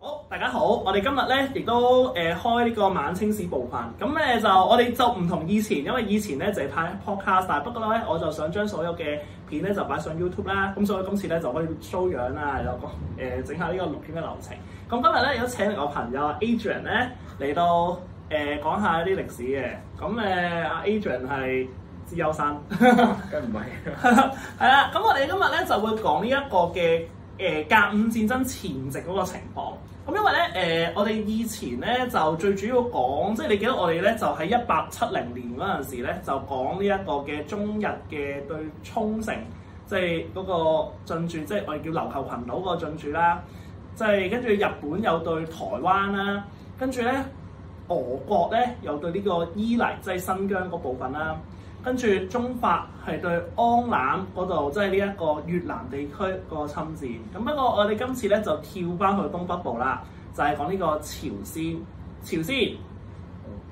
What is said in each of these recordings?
好，大家好，我哋今日咧亦都誒開呢個晚清史部分，咁咧就我哋就唔同以前，因為以前咧就係拍 podcast，不過咧我就想將所有嘅片咧就擺上 YouTube 啦，咁所以今次咧就可以 show 樣啦，有講誒整下呢個錄片嘅流程。咁今日咧有請我朋友阿 Adrian 咧嚟到誒、呃、講一下啲歷史嘅，咁誒阿 Adrian 係資優生，梗唔係，係啦、啊，咁 我哋今日咧就會講呢一個嘅。誒甲午戰爭前夕嗰個情況，咁、嗯、因為咧誒、呃，我哋以前咧就最主要講，即、就、係、是、你記得我哋咧就喺一八七零年嗰陣時咧就講呢一個嘅中日嘅對沖繩，即係嗰個進駐，即、就、係、是、我哋叫琉球群島嗰個進駐啦，即、就、係、是、跟住日本有對台灣啦、啊，跟住咧俄國咧又對呢個伊犁，即、就、係、是、新疆嗰部分啦、啊。跟住中法係對安南嗰度，即係呢一個越南地區個侵佔。咁不過我哋今次咧就跳翻去東北部啦，就係講呢個朝鮮。朝鮮，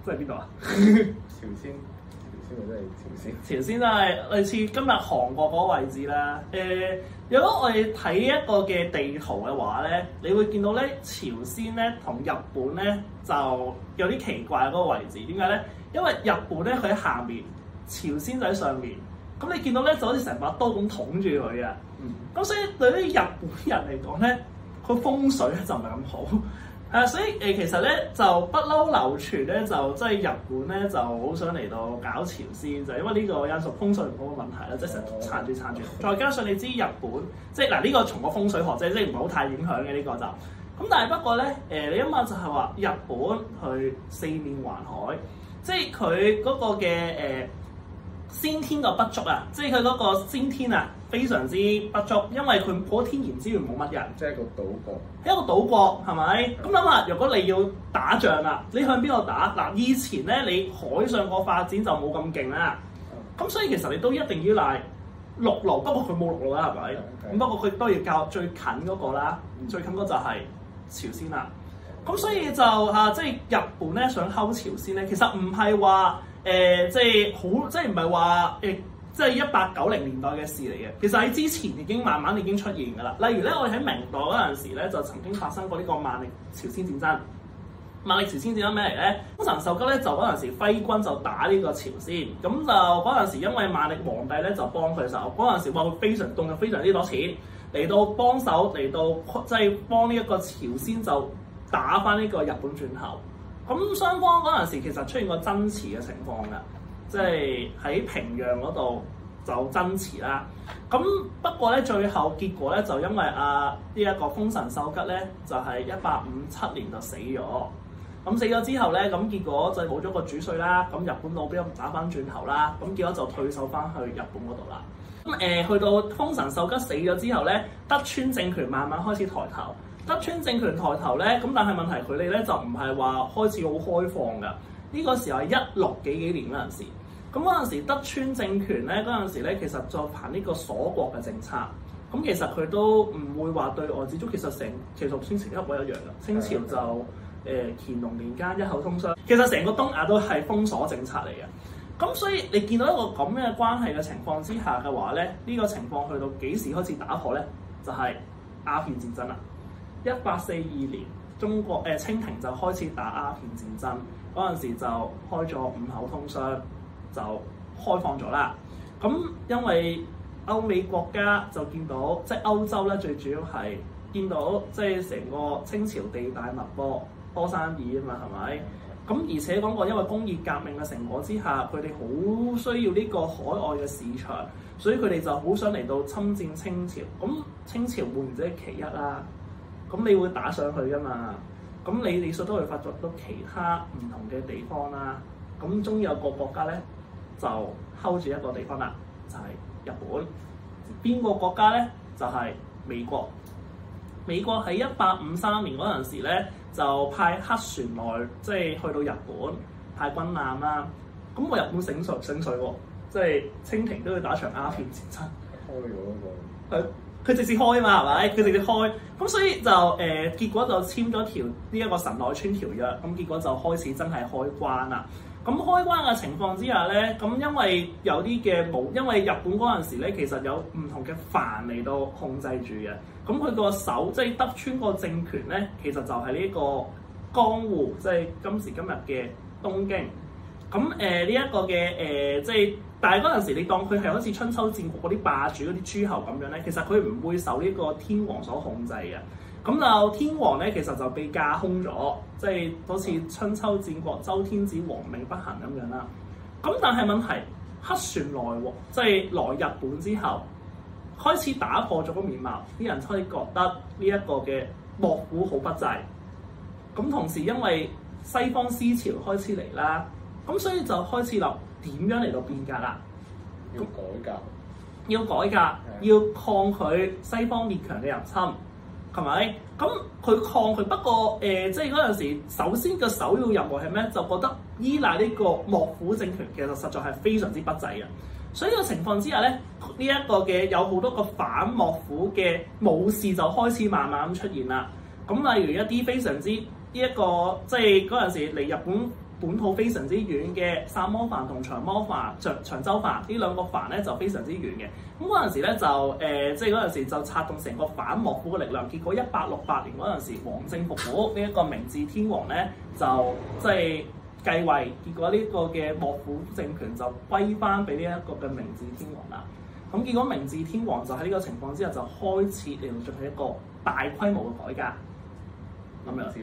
即係邊度啊？ 朝鮮，朝鮮即係朝鮮。朝鮮即係類似今日韓國嗰個位置啦。誒、呃，如果我哋睇一個嘅地圖嘅話咧，你會見到咧朝鮮咧同日本咧就有啲奇怪嗰個位置。點解咧？因為日本咧佢喺下面。朝鮮仔上面，咁你見到咧就好似成把刀咁捅住佢啊！咁、嗯、所以對於日本人嚟講咧，佢風水咧就唔係咁好啊、 呃！所以誒、呃，其實咧就不嬲流傳咧，就即係日本咧就好想嚟到搞朝鮮就，因為呢個因素風水唔好嘅問題啦，即係成日撐住撐住。撐嗯、再加上你知日本，即係嗱呢個從個風水學即係即係唔係好太影響嘅呢個就。咁但係不過咧、呃、你諗下就係話日本佢四面環海，即係佢嗰個嘅誒。呃呃呃呃呃呃呃呃先天個不足啊，即係佢嗰個先天啊，非常之不足，因為佢嗰天然資源冇乜人，即係一個島國。一個島國係咪？咁諗下，如果你要打仗啊，你向邊度打？嗱，以前咧，你海上個發展就冇咁勁啦。咁、嗯、所以其實你都一定要賴陸路，不過佢冇陸路啦，係咪？咁的不過佢都要靠最近嗰個啦，嗯、最近嗰就係朝鮮啦。咁所以就啊，即係日本咧想溝朝鮮咧，其實唔係話。誒、呃，即係好，即係唔係話誒，即係一八九零年代嘅事嚟嘅。其實喺之前已經慢慢已經出現㗎啦。例如咧，我哋喺明代嗰陣時咧，就曾經發生過呢個萬曆朝鮮戰爭。萬曆朝鮮戰爭咩嚟咧？豐臣秀吉咧，就嗰陣時揮軍就打呢個朝鮮。咁就嗰陣時因為萬曆皇帝咧就幫佢手，嗰陣時佢非常動用非常之多錢，嚟到幫手嚟到即係、就是、幫呢一個朝鮮就打返呢個日本轉頭。咁雙方嗰陣時其實出現過爭持嘅情況㗎，即係喺平壤嗰度就爭持啦。咁不過咧，最後結果咧就因為啊呢一、這個豐臣秀吉咧就係一八五七年就死咗。咁死咗之後咧，咁結果就冇咗個主帥啦。咁日本老兵打翻轉頭啦，咁結果就退守翻去日本嗰度啦。咁誒、呃、去到豐臣秀吉死咗之後咧，德川政權慢慢開始抬頭。德川政權抬頭咧，咁但係問題佢哋咧就唔係話開始好開放㗎。呢個時候係一六幾幾年嗰陣時，咁嗰陣時德川政權咧嗰陣時咧，其實在行呢個鎖國嘅政策。咁其實佢都唔會話對外接觸。其實成其實從前朝嗰一樣㗎，清朝就誒、呃、乾隆年間一口通商。其實成個東亞都係封鎖政策嚟嘅。咁所以你見到一個咁樣嘅關係嘅情況之下嘅話咧，呢個情況去到幾時開始打破咧？就係鴉片戰爭啦。一八四二年，中國誒、呃、清廷就開始打鴉片戰爭。嗰陣時就開咗五口通商，就開放咗啦。咁、嗯、因為歐美國家就見到，即係歐洲咧，最主要係見到即係成個清朝地大物博，多生意啊嘛，係咪？咁、嗯、而且講過，因為工業革命嘅成果之下，佢哋好需要呢個海外嘅市場，所以佢哋就好想嚟到侵佔清朝。咁、嗯、清朝換者其一啦。咁你會打上去噶嘛？咁你你所都可以發掘到其他唔同嘅地方啦、啊。咁終於有個國家咧就睺住一個地方啦，就係、是、日本。邊個國家咧就係、是、美國？美國喺一八五三年嗰陣時咧就派黑船來，即、就、係、是、去到日本派軍艦啦、啊。咁我日本醒水醒水喎、啊，即、就、係、是、清廷都要打場鴉片戰爭。開咗個。啊啊啊啊。佢直接開嘛，係咪？佢直接開，咁所以就誒、呃，結果就簽咗條呢一個神奈川條約，咁結果就開始真係開關啦。咁開關嘅情況之下咧，咁因為有啲嘅冇，因為日本嗰陣時咧，其實有唔同嘅藩嚟到控制住嘅。咁佢個手，即係德川個政權咧，其實就係呢一個江戶，即係今時今日嘅東京。咁誒呢一個嘅誒、呃，即係但係嗰陣時，你當佢係好似春秋戰國嗰啲霸主嗰啲諸侯咁樣咧，其實佢唔會受呢個天皇所控制嘅。咁就天皇咧，其實就被架空咗，即係好似春秋戰國周天子王命不行咁樣啦。咁但係問題黑船來喎，即係來日本之後開始打破咗個面貌，啲人開始覺得呢一個嘅幕府好不濟。咁同時因為西方思潮開始嚟啦。咁所以就開始落點樣嚟到變革啦，要改革，要改革，要抗拒西方列強嘅入侵，係咪？咁佢抗拒不過誒、呃，即係嗰陣時首，首先嘅首要任務係咩？就覺得依賴呢個幕府政權，其實實在係非常之不濟嘅。所以個情況之下咧，呢、這、一個嘅有好多個反幕府嘅武士就開始慢慢出現啦。咁例如一啲非常之呢一、這個，即係嗰陣時嚟日本。本土非常之遠嘅薩摩藩同長摩藩長長州藩呢兩個藩咧，就非常之遠嘅。咁嗰陣時咧就誒、呃，即係嗰陣時就策動成個反幕府嘅力量。結果一八六八年嗰陣時，王政復古呢一個明治天皇咧就即係繼位。結果呢個嘅幕府政權就歸翻俾呢一個嘅明治天皇啦。咁結果明治天皇就喺呢個情況之下就開始嚟進行一個大規模嘅改革。咁樣思維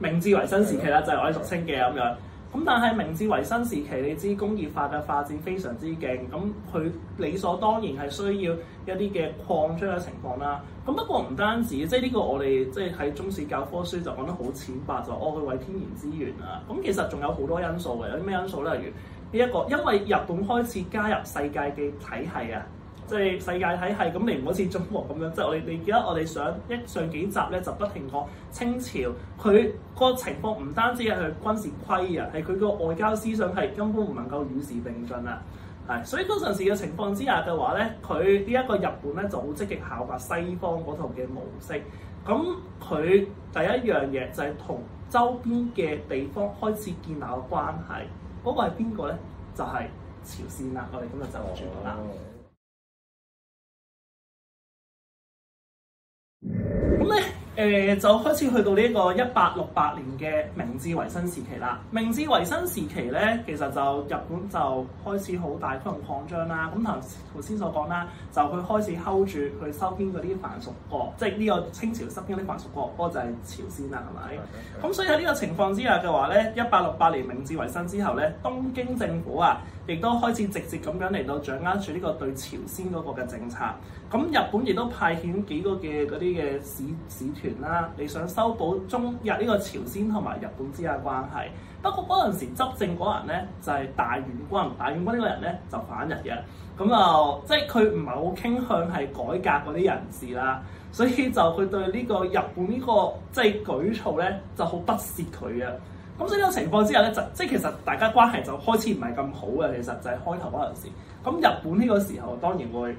明治維新時期啦，就係我哋俗稱嘅咁樣。咁但係明治維新時期，你知工業化嘅發展非常之勁，咁佢理所當然係需要一啲嘅擴張嘅情況啦。咁不過唔單止，即係呢個我哋即係喺中史教科書就講得好淺白，就我佢、哦、為天然資源啊。咁其實仲有好多因素嘅，有啲咩因素咧？例如呢、這、一個，因為日本開始加入世界嘅體系啊。即係世界體系咁，你唔好似中國咁樣，即係我哋你記得我哋上一上幾集咧就不停講清朝，佢個情況唔單止係佢軍事虧啊，係佢個外交思想係根本唔能夠與時並進啊，係所以嗰陣時嘅情況之下嘅話咧，佢呢一個日本咧就好積極效法西方嗰套嘅模式，咁佢第一樣嘢就係同周邊嘅地方開始建立關係，嗰、那個係邊個咧？就係、是、朝鮮啦，我哋今日就講啦。咁咧，誒、呃、就開始去到呢一個一八六八年嘅明治維新時期啦。明治維新時期咧，其實就日本就開始好大規模擴張啦。咁同頭先所講啦，就佢開始 hold 住佢收編嗰啲藩屬國，即係呢個清朝收編啲藩屬國，嗰、那個、就係朝鮮啦，係咪？咁所以喺呢個情況之下嘅話咧，一八六八年明治維新之後咧，東京政府啊，亦都開始直接咁樣嚟到掌握住呢個對朝鮮嗰個嘅政策，咁日本亦都派遣幾個嘅嗰啲嘅使使團啦，你想修補中日呢個朝鮮同埋日本之間嘅關係，不過嗰陣時執政嗰人咧就係、是、大院君，大院君呢個人咧就反日嘅，咁、嗯、啊即係佢唔係好傾向係改革嗰啲人士啦，所以就佢對呢個日本呢、呢個即係舉措咧就好不屑佢嘅。咁所以呢種情況之下咧，就即係其實大家關係就開始唔係咁好嘅。其實就係開頭嗰陣時。咁日本呢個時候當然會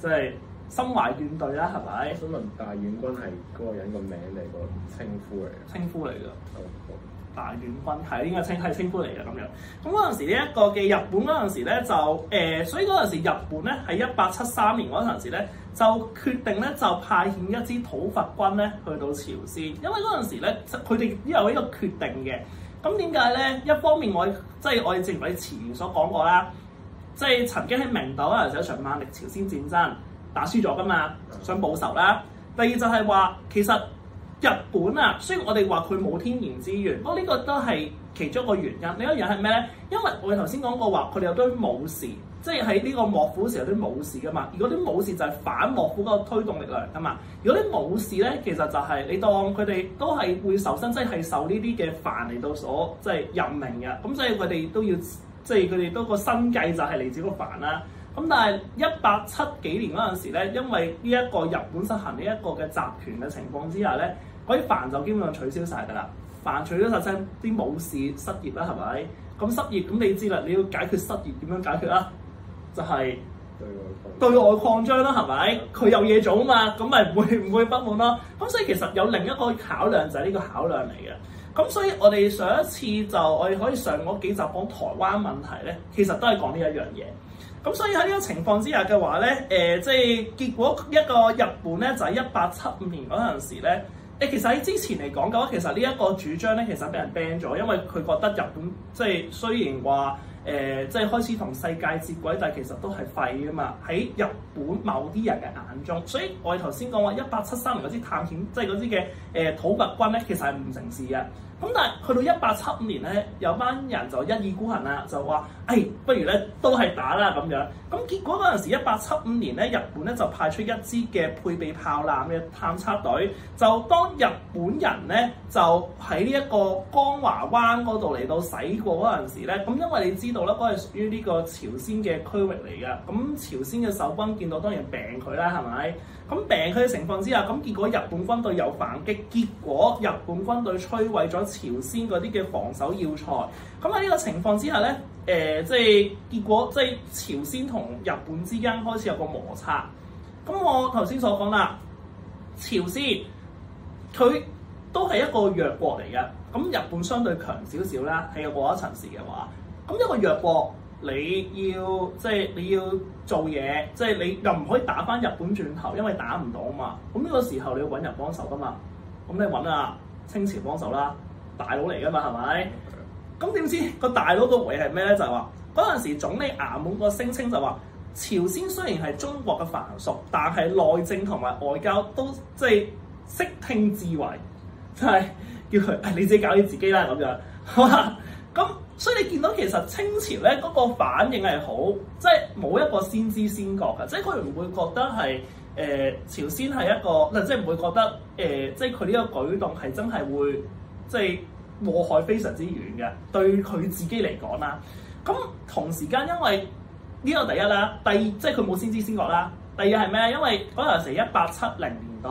即係心懷怨懟啦，係咪？我想問大遠軍係嗰個人個名嚟個稱呼嚟？嘅，稱呼嚟㗎。Oh. 大遠軍係呢個稱係稱呼嚟嘅。咁樣。咁嗰陣時呢、這、一個嘅日本嗰陣時咧就誒、呃，所以嗰陣時日本咧喺一八七三年嗰陣時咧就決定咧就派遣一支討伐軍咧去到朝鮮，因為嗰陣時咧佢哋有呢個決定嘅。咁點解呢？一方面我即係我哋正如前言所講過啦，即係曾經喺明島嗰陣時有場萬曆朝鮮戰爭打輸咗㗎嘛，想報仇啦。第二就係話其實日本啊，雖然我哋話佢冇天然資源，不過呢個都係其中一個原因。另一樣係咩呢？因為我哋頭先講過話，佢哋有堆武士。即係喺呢個幕府時候啲武士噶嘛，如果啲武士就係反幕府嗰個推動力量噶嘛。如果啲武士咧，其實就係你當佢哋都係會受身即係、就是、受呢啲嘅藩嚟到所即係、就是、任命嘅，咁所以佢哋都要即係佢哋嗰個生計就係、是、嚟自個藩啦。咁但係一八七幾年嗰陣時咧，因為呢一個日本實行呢一個嘅集權嘅情況之下咧，嗰啲藩就基本上取消晒㗎啦。藩取消晒先，啲武士失業啦係咪？咁失業咁你知啦，你要解決失業點樣解決啦。就係對外擴張啦，係咪？佢有嘢做啊嘛，咁咪會唔會不滿咯？咁所以其實有另一個考量就係呢個考量嚟嘅。咁所以我哋上一次就我哋可以上嗰幾集講台灣問題咧，其實都係講呢一樣嘢。咁所以喺呢個情況之下嘅話咧，誒即係結果一個日本咧就係一八七五年嗰陣時咧，誒、欸、其實喺之前嚟講嘅話，其實呢一個主張咧其實俾人 ban 咗，因為佢覺得日本即係、就是、雖然話，誒、呃、即係開始同世界接軌，但係其實都係廢㗎嘛！喺日本某啲人嘅眼中，所以我哋頭先講話一八七三年嗰啲探險，即係嗰啲嘅誒土木軍咧，其實係唔成事嘅。咁但係去到一八七五年咧，有班人就一意孤行啦，就話：誒、哎，不如咧都係打啦咁樣。咁結果嗰陣時，一八七五年咧，日本咧就派出一支嘅配備炮艦嘅探測隊。就當日本人咧就喺呢一個江華灣嗰度嚟到洗過嗰陣時咧，咁因為你知道啦，嗰係屬於呢個朝鮮嘅區域嚟嘅。咁朝鮮嘅守軍見到當然病佢啦，係咪？咁病佢嘅情況之下，咁結果日本軍隊有反擊，結果日本軍隊摧毀咗朝鮮嗰啲嘅防守要塞。咁喺呢個情況之下咧，誒、呃、即係結果即係朝鮮同日本之間開始有個摩擦。咁我頭先所講啦，朝鮮佢都係一個弱國嚟嘅，咁日本相對強少少啦，係有過一陣時嘅話，咁一個弱國。你要即係、就是、你要做嘢，即、就、係、是、你又唔可以打翻日本轉頭，因為打唔到啊嘛。咁呢個時候你要揾人幫手噶嘛。咁你揾啊，清朝幫手啦，大佬嚟噶嘛，係咪？咁點知個大佬個位係咩咧？就係話嗰陣時總理衙門個聲稱就話，朝鮮雖然係中國嘅藩屬，但係內政同埋外交都即係悉聽自為，即、就、係、是、叫佢你自己搞掂自己啦咁、就是、樣。咁 所以你見到其實清朝咧嗰、那個反應係好，即係冇一個先知先覺嘅，即係佢唔會覺得係誒、呃、朝鮮係一個，即係唔會覺得誒、呃，即係佢呢個舉動係真係會即係禍害非常之遠嘅，對佢自己嚟講啦。咁同時間因為呢、這個第一啦，第二即係佢冇先知先覺啦，第二係咩？因為嗰陣時一八七零年代。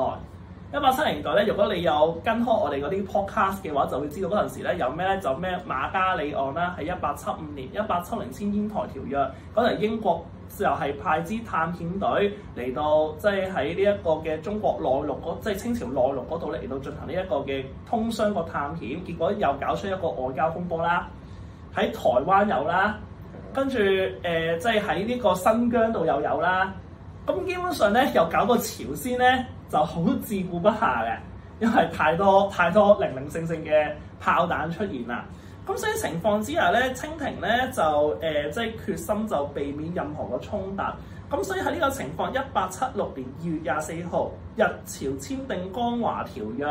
一八七零年代咧，如果你有跟開我哋嗰啲 podcast 嘅話，就會知道嗰陣時咧有咩咧，就咩馬嘉理案啦，喺一八七五年、一八七零《清英台條約》，嗰陣英國就係派支探險隊嚟到，即係喺呢一個嘅中國內陸即係、就是、清朝內陸嗰度嚟到進行呢一個嘅通商個探險，結果又搞出一個外交風波啦。喺台灣有啦，跟住誒，即係喺呢個新疆度又有啦。咁基本上咧，又搞到朝鮮咧。就好自顧不暇嘅，因為太多太多零零星星嘅炮彈出現啦。咁所以情況之下咧，清廷咧就誒即係決心就避免任何嘅衝突。咁所以喺呢個情況，一八七六年二月廿四號，日朝簽訂《江華條約》。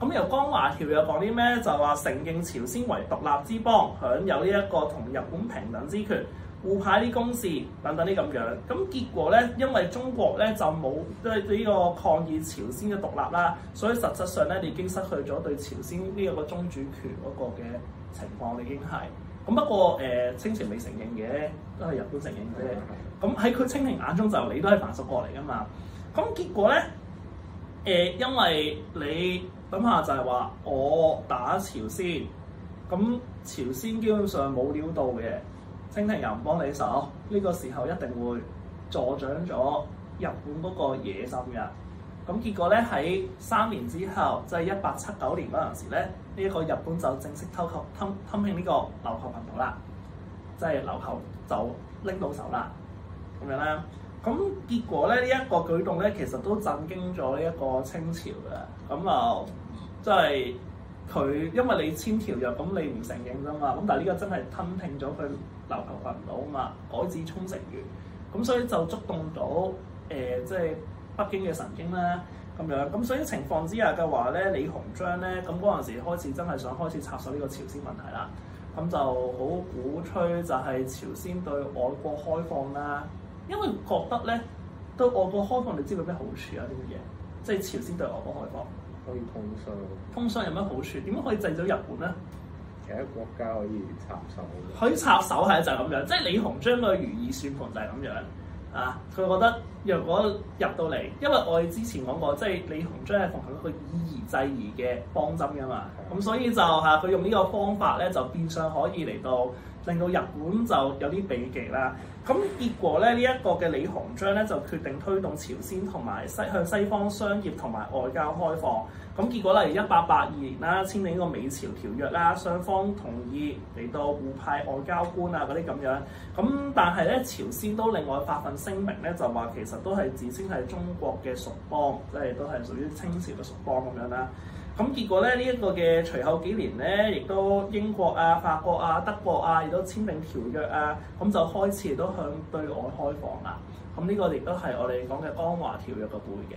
咁由《江華條約》講啲咩？就話承認朝鮮為獨立之邦，享有呢一個同日本平等之權。互派啲公事，等等啲咁樣，咁結果咧，因為中國咧就冇對呢個抗議朝鮮嘅獨立啦，所以實質上咧你已經失去咗對朝鮮呢一個宗主權嗰個嘅情況，你已經係咁，不過誒、呃，清朝未承認嘅，都係日本承認嘅，咁喺佢清廷眼中就你都係藩屬國嚟噶嘛，咁結果咧誒、呃，因為你諗下就係話我打朝鮮，咁朝鮮基本上冇料到嘅。清廷又唔幫你手，呢、這個時候一定會助長咗日本嗰個野心嘅。咁、嗯、結果咧喺三年之後，即係一八七九年嗰陣時咧，呢、這、一個日本就正式偷購吞吞併呢個琉球羣島啦，即係琉球就拎到手啦，咁樣啦。咁、嗯、結果咧呢一、這個舉動咧，其實都震驚咗呢一個清朝嘅。咁、嗯嗯嗯嗯、就即係佢，因為你簽條約咁你唔承認啫嘛。咁但係呢個真係吞併咗佢。琉球發唔到嘛，改咗沖繩縣，咁所以就觸動到誒、呃、即係北京嘅神經啦，咁樣咁所以情況之下嘅話咧，李鴻章咧咁嗰陣時開始真係想開始插手呢個朝鮮問題啦，咁就好鼓吹就係朝鮮對外國開放啦，因為覺得咧對外國開放你知佢咩好處啊呢乜嘢，即係朝鮮對外國開放可以通商，通商有咩好處？點解可以製造日本咧？其他國家可以插手，佢插手係就係咁樣，即係李鴻章個如意算盤就係咁樣啊！佢覺得若果入到嚟，因為我哋之前講過，即係李鴻章係奉行一個以夷制夷嘅方針噶嘛，咁、嗯、所以就嚇佢用呢個方法咧，就變相可以嚟到。令到日本就有啲避忌啦，咁結果咧呢一個嘅李鴻章咧就決定推動朝鮮同埋西向西方商業同埋外交開放，咁結果咧，一八八二年啦，簽訂呢個美朝條約啦，雙方同意嚟到互派外交官啊嗰啲咁樣，咁但係咧朝鮮都另外發份聲明咧，就話其實都係自稱係中國嘅屬邦，即係都係屬於清朝嘅屬邦咁樣啦。咁結果咧，呢、這、一個嘅隨後幾年咧，亦都英國啊、法國啊、德國啊，亦都簽訂條約啊，咁、嗯、就開始都向對外開放啦。咁、嗯、呢、這個亦都係我哋講嘅《江華條約》嘅背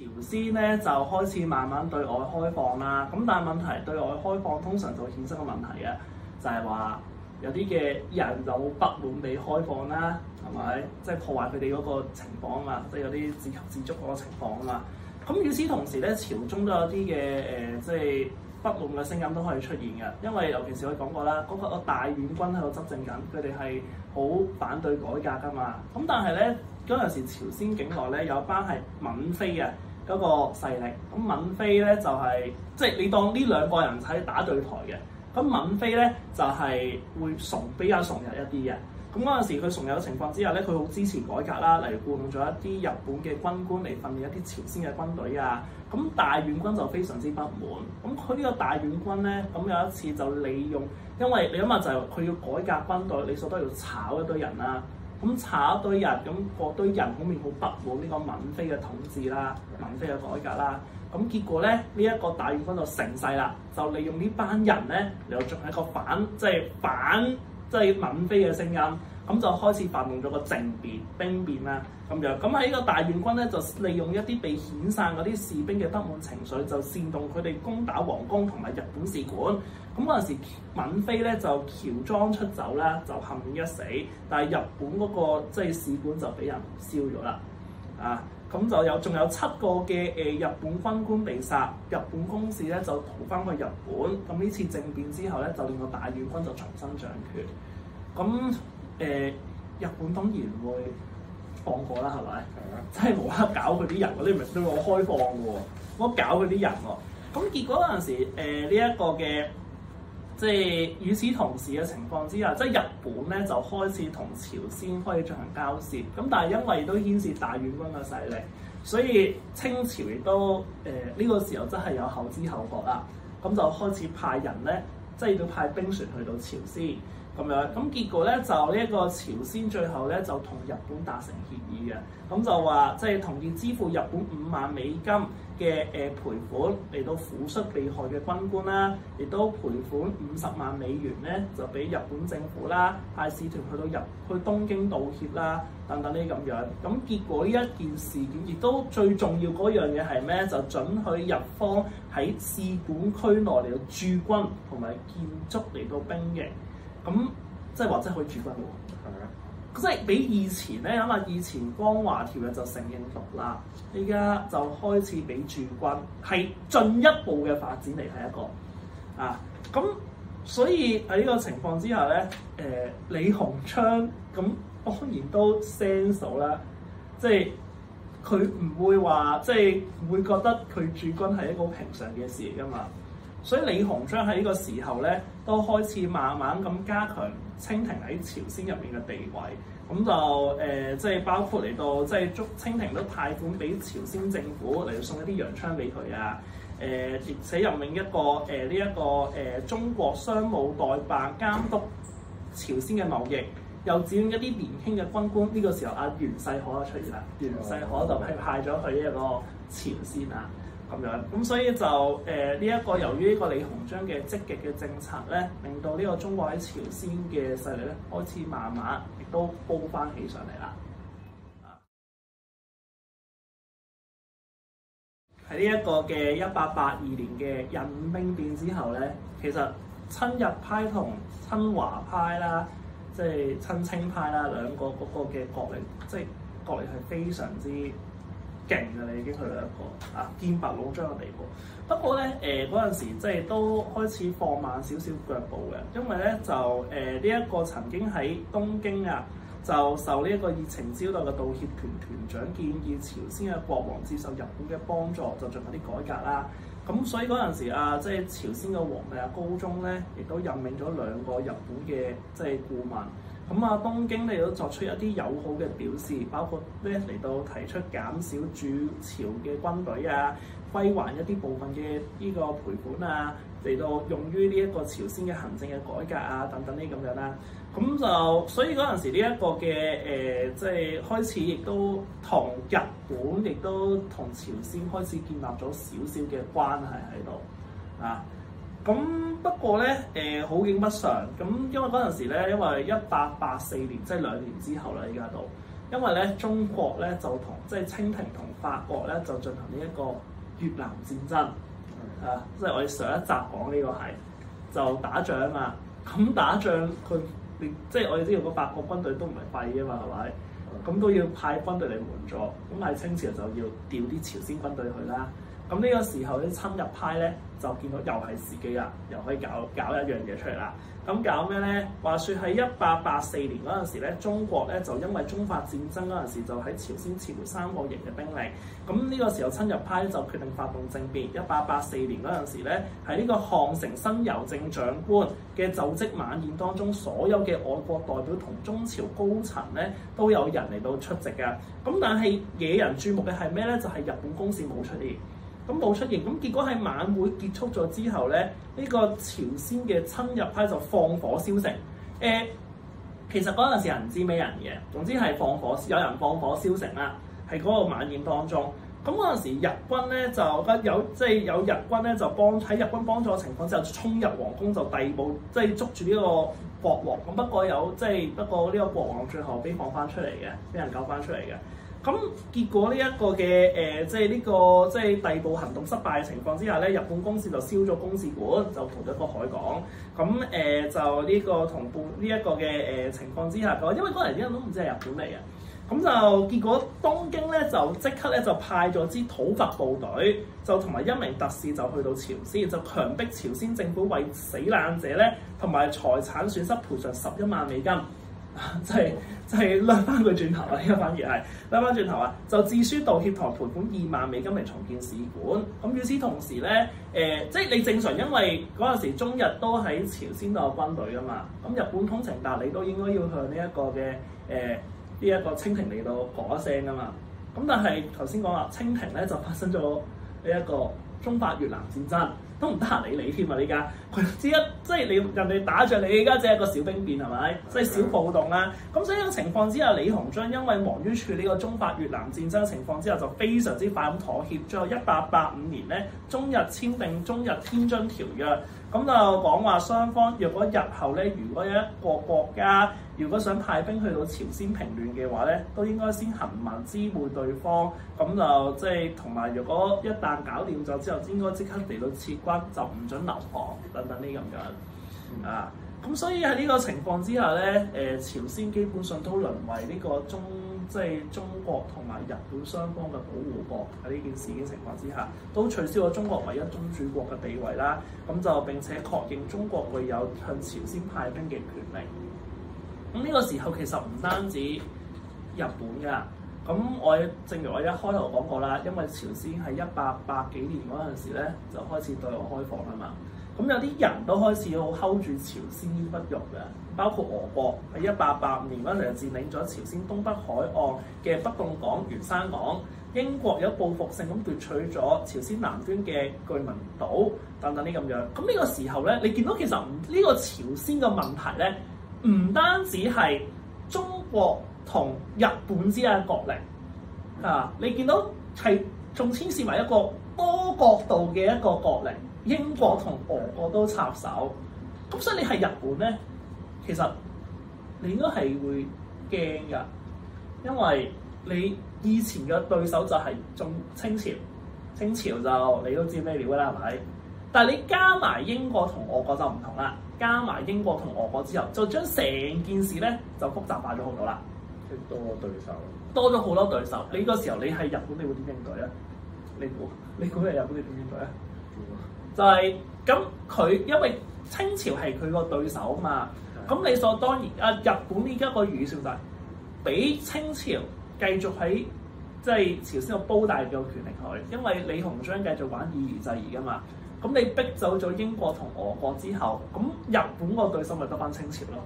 景。嗯、朝鮮咧就開始慢慢對外開放啦。咁但係問題，對外開放通常就會衍生個問題嘅，就係、是、話。有啲嘅人有不滿地開放啦，係咪？即係破壞佢哋嗰個情況啊，即係有啲自給自足嗰個情況啊嘛。咁與此同時咧，朝中都有啲嘅誒，即係不滿嘅聲音都可以出現嘅。因為尤其是我講過啦，嗰個大院君喺度執政緊，佢哋係好反對改革噶嘛。咁但係咧，嗰陣時朝鮮境內咧有一班係閔妃啊嗰個勢力，咁閔妃咧就係即係你當呢兩個人喺打對台嘅。咁閔妃咧就係、是、會崇比較、啊、崇日一啲嘅，咁嗰陣時佢崇日嘅情況之下咧，佢好支持改革啦，例如僱用咗一啲日本嘅軍官嚟訓練一啲朝鮮嘅軍隊啊，咁大院君就非常之不滿，咁佢呢個大院君咧，咁有一次就利用，因為你諗下就係佢要改革軍隊，你所都要炒一堆人啦、啊，咁炒一堆人，咁嗰堆人好明顯好不滿呢個閔妃嘅統治啦，閔妃嘅改革啦。咁結果咧，呢一個大院君就成勢啦，就利用呢班人咧，又仲係一個反，即係反，即係閔妃嘅聲音，咁就開始發動咗個政變兵變啦，咁樣。咁喺呢個大院君咧，就利用一啲被遣散嗰啲士兵嘅不滿情緒，就煽動佢哋攻打皇宮同埋日本使館。咁嗰陣時，閔妃咧就喬裝出走啦，就幸免一死。但係日本嗰個即係使館就俾人燒咗啦，啊！咁就有仲有七個嘅誒、呃、日本軍官被殺，日本公使咧就逃翻去日本。咁呢次政變之後咧，就令到大院軍就重新掌權。咁誒、呃、日本當然會放過啦，係咪？係啊，真係冇啦搞佢啲人、啊，你唔明？對我開放嘅喎，冇我搞佢啲人喎。咁結果嗰陣時呢一、呃這個嘅。即係與此同時嘅情況之下，即係日本咧就開始同朝鮮開始進行交涉，咁但係因為都牽涉大院君嘅勢力，所以清朝亦都誒呢、呃這個時候真係有後知後覺啦，咁就開始派人咧，即係要派兵船去到朝鮮。咁樣，咁結果咧，就呢一個朝鮮最後咧就同日本達成協議嘅，咁就話即係同意支付日本五萬美金嘅誒賠款嚟到撫恤被害嘅軍官啦，亦都賠款五十萬美元咧就俾日本政府啦，派使團去到日去東京道歉啦，等等呢，咁樣，咁結果呢一件事件亦都最重要嗰樣嘢係咩？就准許日方喺使館區內嚟到駐軍同埋建築嚟到兵營。咁即係或者可以駐軍喎，係咪啊？即係比以前咧諗下，因為以前江華條約就承認獨立，依家就開始俾駐軍，係進一步嘅發展嚟，係一個啊，咁所以喺呢個情況之下咧，誒、呃、李鴻章咁當然都 sense 啦，即係佢唔會話即係唔會覺得佢駐軍係一個平常嘅事嚟㗎嘛。所以李鴻章喺呢個時候咧，都開始慢慢咁加強清廷喺朝鮮入面嘅地位。咁就誒，即、呃、係、就是、包括嚟到即係祝清廷都派款俾朝鮮政府嚟送一啲洋槍俾佢啊。誒、呃，而且任命一個誒呢一個誒、呃、中國商務代辦監，監督朝鮮嘅貿易，又指點一啲年輕嘅軍官。呢、這個時候阿袁世凱就出現啦，袁世凱就係派咗佢呢一個。朝鮮啊，咁樣咁所以就誒呢一個由於呢個李鴻章嘅積極嘅政策咧，令到呢個中國喺朝鮮嘅勢力咧開始慢慢亦都煲翻起上嚟啦。喺呢一個嘅一八八二年嘅印兵變之後咧，其實親日派同親華派啦，即係親清派啦，兩個嗰個嘅角力，即係角力係非常之勁㗎，你已經去到一、那個啊，劍拔弩張嘅地步，不過咧誒嗰陣時即係都開始放慢少少腳步嘅，因為咧就誒呢一個曾經喺東京啊就受呢一個熱情招待嘅道歉團團長建議，朝鮮嘅國王接受日本嘅幫助，就進行啲改革啦。咁所以嗰陣時啊，即係朝鮮嘅皇帝啊高宗咧，亦都任命咗兩個日本嘅即係顧問，咁啊，東京咧亦都作出一啲友好嘅表示，包括咧嚟到提出減少駐朝嘅軍隊啊，歸還一啲部分嘅呢個賠款啊，嚟到用於呢一個朝鮮嘅行政嘅改革啊等等呢咁樣啦。咁就所以嗰陣時呢一個嘅誒，即係開始，亦都同日本，亦都同朝鮮開始建立咗少少嘅關係喺度啊。咁不過咧，誒好景不常，咁因為嗰陣時咧，因為一八八四年，即係兩年之後啦，而家度。因為咧中國咧就同即係清廷同法國咧就進行呢一個越南戰爭啊，即係我哋上一集講呢個係就打仗啊嘛，咁打仗佢。即係我哋知道，個法國軍隊都唔係廢啊嘛，係咪？咁都要派軍隊嚟援助。咁喺清朝就要調啲朝鮮軍隊去啦。咁呢個時候咧，親日派咧就見到又係時機啦，又可以搞搞一樣嘢出嚟啦。咁搞咩咧？話説喺一八八四年嗰陣時咧，中國咧就因為中法戰爭嗰陣時就喺朝鮮撤回三個營嘅兵力。咁呢個時候親日派就決定發動政變。一八八四年嗰陣時咧，喺呢個漢城新郵政長官嘅就職晚宴當中，所有嘅外國代表同中朝高層咧都有人嚟到出席嘅。咁但係惹人注目嘅係咩咧？就係、是、日本公使冇出現。咁冇出現，咁結果喺晚會結束咗之後咧，呢、這個朝鮮嘅親日派就放火燒城。誒、呃，其實嗰陣時人唔知咩人嘅，總之係放火，有人放火燒城啦，係嗰個晚宴當中。咁嗰陣時日軍咧就有即係、就是、有日軍咧就幫喺日軍幫助嘅情況之下，衝入皇宮就逮捕，即、就、係、是、捉住呢個國王。咁不過有即係、就是、不過呢個國王最後邊放翻出嚟嘅，俾人救翻出嚟嘅。咁結果呢一個嘅誒、呃，即係呢、呢個即係逮捕行動失敗嘅情況之下咧，日本公使就燒咗公使館，就逃咗個海港。咁誒就呢個同叛呢一個嘅誒情況之下，因為嗰陣啲人都唔知係日本嚟嘅，咁就結果東京咧就即刻咧就派咗支討伐部隊，就同埋一名特使就去到朝鮮，就強迫朝鮮政府為死難者咧同埋財產損失賠償十一萬美金。就係就係扭翻佢轉頭啦，呢個 反而係扭翻轉頭啊！就自書道歉，同賠款二萬美金嚟重建使館。咁與此同時咧，誒、呃，即係你正常，因為嗰陣時中日都喺朝鮮都有軍隊噶嘛。咁日本通情達理，都應該要向呢一個嘅誒呢一個清廷嚟到講一聲噶嘛。咁但係頭先講話，清廷咧就發生咗呢一個中法越南戰爭。都唔得閒理你添啊！你而家之一即係你人哋打著你，而家只係一個小兵變係咪？即係、就是、小暴動啦。咁所以個情況之下，李鴻章因為忙於處理個中法越南戰爭嘅情況之後，就非常之快咁妥協。最後一八八五年咧，中日簽訂《中日天津條約》。咁就講話雙方若果日後咧，如果有一個國家如果想派兵去到朝鮮平亂嘅話咧，都應該先行民支援對方咁就即係同埋，如果一旦搞掂咗之後，應該即刻嚟到撤軍，就唔准流亡等等呢咁樣、嗯、啊。咁所以喺呢個情況之下咧，誒朝鮮基本上都淪為呢個中即係中國同埋日本雙方嘅保護國喺呢件事嘅情況之下，都取消咗中國唯一宗主國嘅地位啦。咁就並且確認中國會有向朝鮮派兵嘅權力。咁呢個時候其實唔單止日本㗎，咁我正如我一開頭講過啦，因為朝鮮喺一八八幾年嗰陣時咧，就開始對外開放吖嘛，咁有啲人都開始好睺住朝鮮不讓嘅，包括俄國喺一八八五年嗰陣時佔領咗朝鮮東北海岸嘅北共港、元山港，英國有報復性咁奪取咗朝鮮南端嘅巨文島等等呢咁樣，咁呢個時候咧，你見到其實唔呢個朝鮮嘅問題咧。唔單止係中國同日本之間角力啊，你見到係仲牽涉埋一個多角度嘅一個角力，英國同俄國都插手，咁所以你係日本咧，其實你應該係會驚㗎，因為你以前嘅對手就係仲清朝，清朝就你都知咩料㗎啦，係咪？但係你加埋英國同俄國就唔同啦。加埋英國同俄國之後，就將成件事咧就複雜化咗好多啦。多咗對手，多咗好多對手。你嗰時候你喺日本你，你，你，你，本你會點應對咧？你估你估係日本，你點應對咧？就係咁，佢因為清朝係佢個對手嘛，咁理、嗯、所當然啊。日本呢家個預算就係畀清朝繼續喺即係朝鮮有煲大嘅權力去，因為李鴻章繼續玩以夷制夷噶嘛。咁你逼走咗英國同俄國之後，咁日本個對手咪得返清朝咯。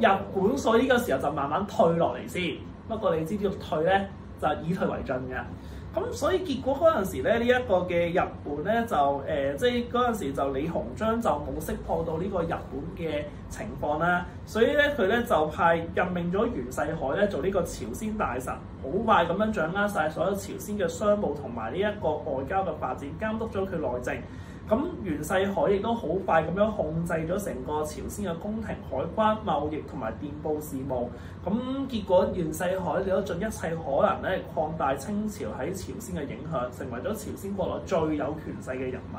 日本所以呢個時候就慢慢退落嚟先，不過你知唔知要退咧就以退為進嘅。咁所以結果嗰陣時咧，呢一個嘅日本咧就誒，即係嗰陣時就李鴻章就冇識破到呢個日本嘅情況啦，所以咧佢咧就派任命咗袁世凱咧做呢個朝鮮大臣，好快咁樣掌握晒所有朝鮮嘅商務同埋呢一個外交嘅發展，監督咗佢內政。咁袁世凱亦都好快咁樣控制咗成個朝鮮嘅宮廷、海關貿易同埋電報事務。咁結果袁世凱，佢都盡一切可能咧擴大清朝喺朝鮮嘅影響，成為咗朝鮮國內最有權勢嘅人物。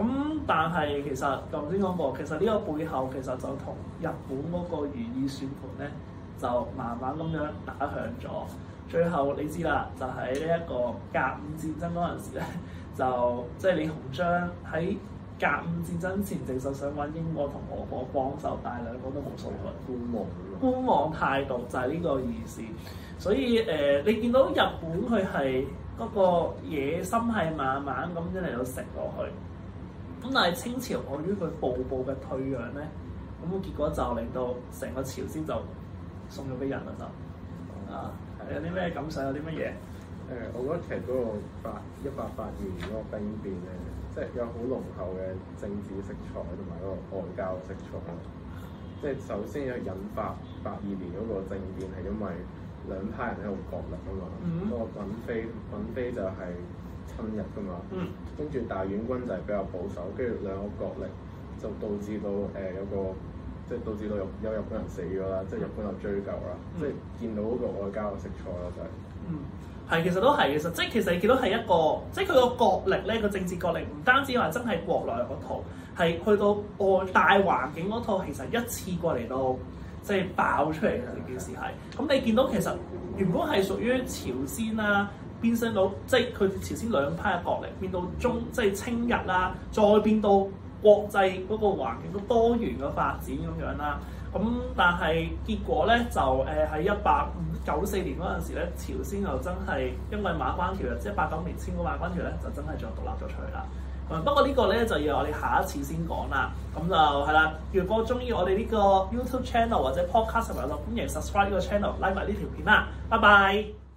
咁但係其實，頭先講過，其實呢個背後其實就同日本嗰個如意算盤咧，就慢慢咁樣打響咗。最後你知啦，就喺呢一個甲午戰爭嗰陣時咧。就即係李鴻章喺甲午戰爭前，其實想揾英國同俄國幫手，但係兩個都無所謂，觀望咯。觀望態度就係呢個意思。所以誒、呃，你見到日本佢係嗰個野心係慢慢咁一嚟有食落去。咁但係清朝由於佢步步嘅退讓咧，咁嘅結果就令到成個朝鮮就送咗俾人啦、嗯。啊，有啲咩感想？有啲乜嘢？誒、嗯，我覺得其實嗰個八一八八二年嗰個兵變咧，即、就、係、是、有好濃厚嘅政治色彩同埋嗰個外交色彩。即、就、係、是、首先，要引發八二年嗰個政變係因為兩派人喺度角力啊嘛。嗰、嗯、個閔妃閔妃就係親日㗎嘛，跟住、嗯、大院君就係比較保守，跟住兩個角力就導致到誒、呃、有個即係、就是、導致到有有日本人死咗啦，即、就、係、是、日本又追究啦，即係見到嗰個外交嘅色彩咯，就係、是。嗯。係，其實都係其實，即係其實你見到係一個，即係佢個國力咧個政治國力，唔單止話真係國內嗰套，係去到外大環境嗰套，其實一次過嚟到即係爆出嚟嘅件事係。咁你見到其實原本係屬於朝鮮啦，變性到即係佢朝鮮兩派嘅國力變到中，即係清日啦，再變到國際嗰個環境都多元嘅發展咁樣啦。咁但係結果咧就誒喺一百九四年嗰陣時咧，朝鮮又真係因為馬關條約，即、就、係、是、八九年簽過馬關條咧，就真係再獨立咗出去啦。不過個呢個咧就要我哋下一次先講啦。咁就係啦。如果中意我哋呢個 YouTube channel 或者 Podcast 嘅話，歡迎 subscribe 呢個 channel，like 埋呢條、mm、片啦。Hmm. Like、video，拜拜。